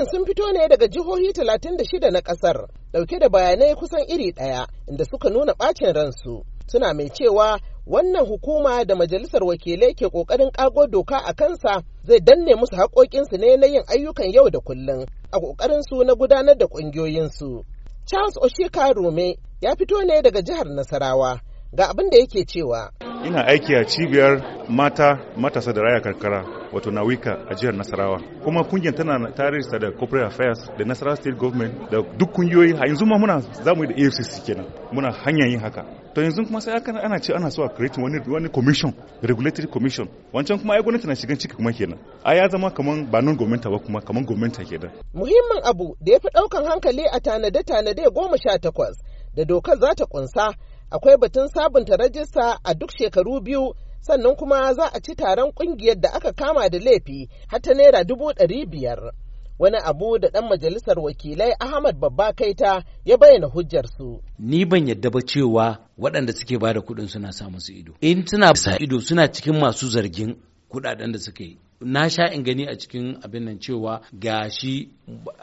Rahotannin sun fito ne daga jihohi 36 na kasar, dauke da bayanai kusan iri ɗaya inda suka nuna ɓacin ransu. Suna mai cewa wannan hukuma da majalisar wakilai ke ƙoƙarin ƙago doka a kansa zai danne musu haƙoƙinsu ne na yin ayyukan yau da kullum a ƙoƙarinsu na gudanar da ƙungiyoyinsu. Charles Oshika Rome ya fito ne daga jihar Nasarawa ga abin da yake cewa. ina aiki a cibiyar mata matasa da raya karkara wato nawika a jihar nasarawa kuma kungiyar tana tarihinsa da corporate affairs da nasarawa state government da duk kungiyoyi a yanzu ma muna za mu yi da afcc kenan muna hanyar yin haka to yanzu kuma sai aka ana ce ana so a create wani wani commission regulatory commission wancan kuma ai gwamnati na shigan ciki kuma kenan a ya zama kaman ba non government ba kuma kaman ke kenan muhimmin abu da ya fi daukan hankali a tanade tanade goma sha takwas da dokar za ta kunsa akwai batun sabunta rajista a duk shekaru biyu sannan kuma za a ci taron kungiyar da aka kama da laifi har ta naira dubu ɗari biyar. Wani abu da ɗan majalisar wakilai Ahmad Babba Kaita ya bayyana hujjar su Ni ban yadda ba cewa waɗanda suke bada kuɗin suna sa su ido. In suna sa ido suna cikin masu zargin kuɗaɗen da suka yi. na sha in gani a cikin abin nan cewa gashi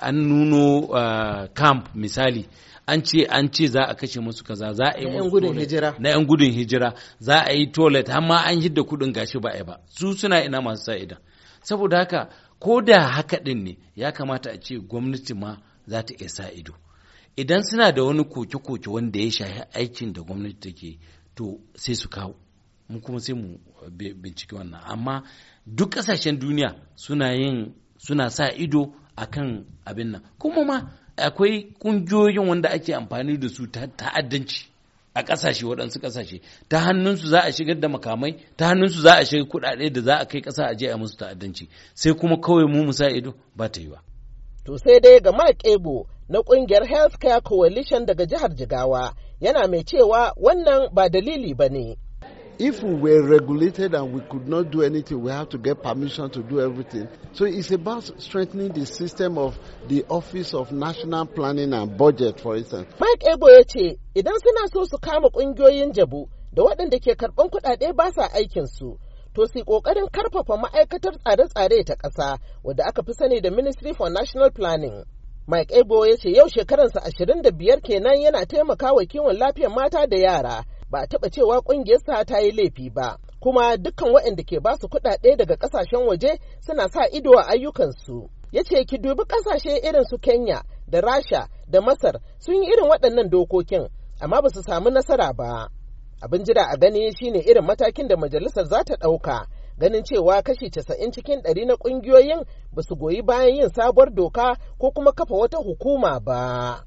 an nuno uh, camp misali an ce an ce za a kashe musu kaza za a yi na yan gudun hijira za a yi toilet har ma an hidda kudin gashi ba a yi ba su suna ina masu sa idan saboda haka ko da haka din ne ya kamata a ce gwamnati ma za ta iya sa ido idan suna da wani koke-koke wanda ya shahi aikin da gwamnati take to sai su kawo mu kuma sai mu uh, binciki wannan amma duk ƙasashen duniya suna yin suna sa ido akan abin nan kuma ma akwai ƙungiyoyin wanda ake amfani da su ta ta'addanci a ƙasashe waɗansu kasashe ta hannunsu za a shigar da makamai ta hannunsu za a shiga kuɗaɗe da za a kai ƙasa a je a musu ta'addanci sai kuma kawai mu sa ido ba ta yi ba. To sai dai ga Mark Ebo na ƙungiyar Healthcare Coalition daga jihar Jigawa yana mai cewa wannan ba dalili ba ne. If we were regulated and we could not do anything, we have to get permission to do everything. So it's about strengthening the system of the Office of National Planning and Budget, for instance. Mike Ebo ya ce, idan suna so su kama ƙungiyoyin jabu da waɗanda ke karɓan kuɗaɗe ba sa aikinsu, to su ƙoƙarin karfafa ma'aikatar tsare-tsare ta ƙasa wadda aka fi sani da Ministry for National Planning. Mike Ebo ya ce yau shekaransa 25 kenan yana taimakawa kiwon lafiyar mata da yara ba a taɓa cewa ƙungiyarsa ta yi laifi ba kuma dukkan waɗanda ke ba su kuɗaɗe daga ƙasashen waje suna sa ido a ayyukansu ya ce ki dubi ƙasashe irin su kenya da rasha da masar sun yi irin waɗannan dokokin amma ba su samu nasara ba abin jira a gani shine irin matakin da majalisar za ta ɗauka ganin cewa kashi casa'in cikin ɗari na ƙungiyoyin ba su goyi bayan yin sabuwar doka ko kuma kafa wata hukuma ba.